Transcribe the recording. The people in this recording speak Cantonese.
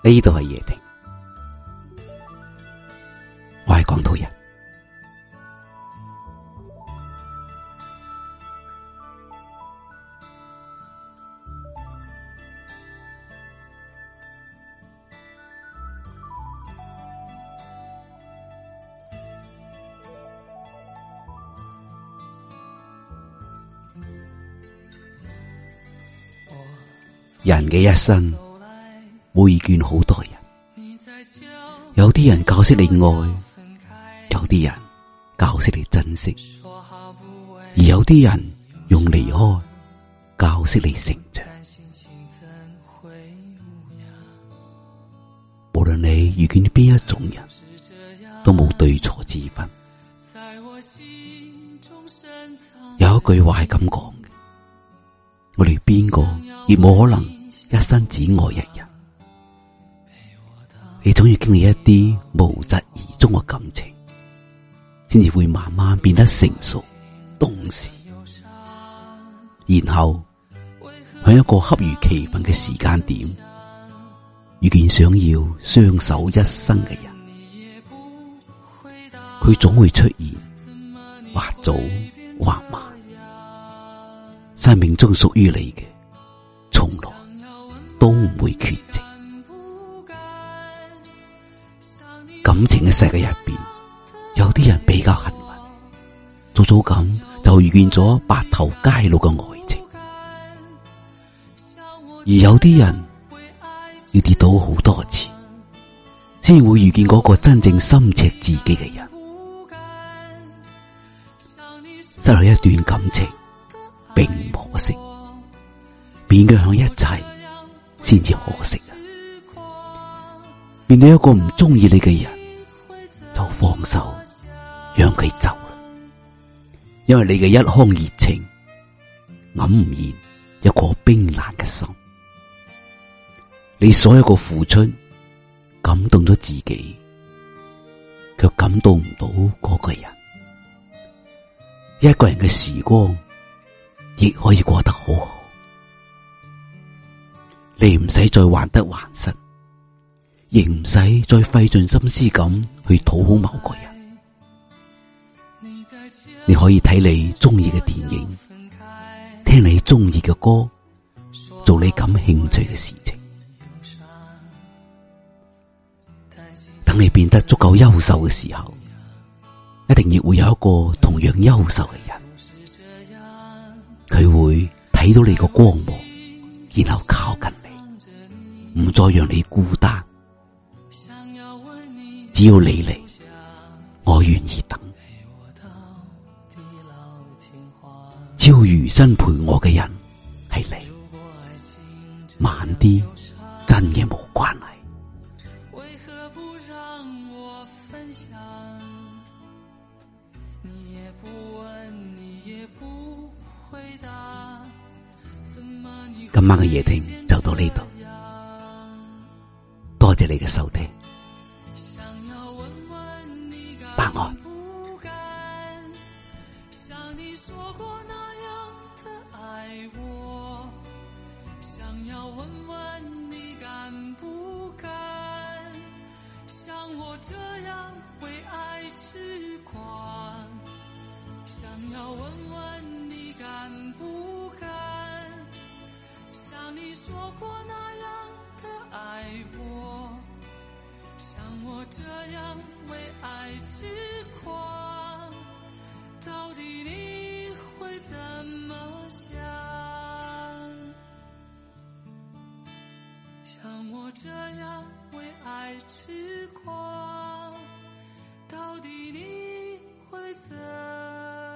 呢度係夜聽，我係廣東人。人嘅一生。會見好多人，有啲人教識你愛，有啲人教識你珍惜，而有啲人用離開教識你成長。無論你遇見邊一種人，都冇對錯之分。有一句話係咁講嘅：我哋邊個亦冇可能一生只愛一人。你總要經歷一啲無疾而終嘅感情，先至會慢慢變得成熟懂事，然後喺一個恰如其分嘅時間點，遇見想要相守一生嘅人，佢總會出現，或早或晚，生命中屬於你嘅，從來都唔會缺席。感情嘅世界入邊，有啲人比較幸運，早早咁就遇見咗白頭偕老嘅愛情；而有啲人要跌倒好多次，先會遇見嗰個真正心赤自己嘅人。失去一段感情並唔可惜，勉強響一齊先至可惜啊！面對一個唔中意你嘅人。放手，讓佢走啦。因為你嘅一腔熱情，掩唔嚴一個冰冷嘅心。你所有嘅付出，感動咗自己，卻感動唔到嗰個人。一個人嘅時光，亦可以過得好好。你唔使再患得患失。亦唔使再費盡心思咁去討好某個人，你可以睇你中意嘅電影，聽你中意嘅歌，做你感興趣嘅事情。等你變得足夠優秀嘅時候，一定要會有一個同樣優秀嘅人，佢會睇到你個光芒，然後靠近你，唔再讓你孤單。只要你嚟，我願意等。只要餘生陪我嘅人係你，晚啲真嘅冇關係。今晚嘅夜聽就到呢度，多謝你嘅收聽。敢不敢像你說過那樣的愛我？想要問問你敢不敢像我這樣為愛痴狂？想要問問你敢不敢像你說過那樣的愛我？像我這樣為愛痴狂。像我這樣為愛癡狂，到底你會怎？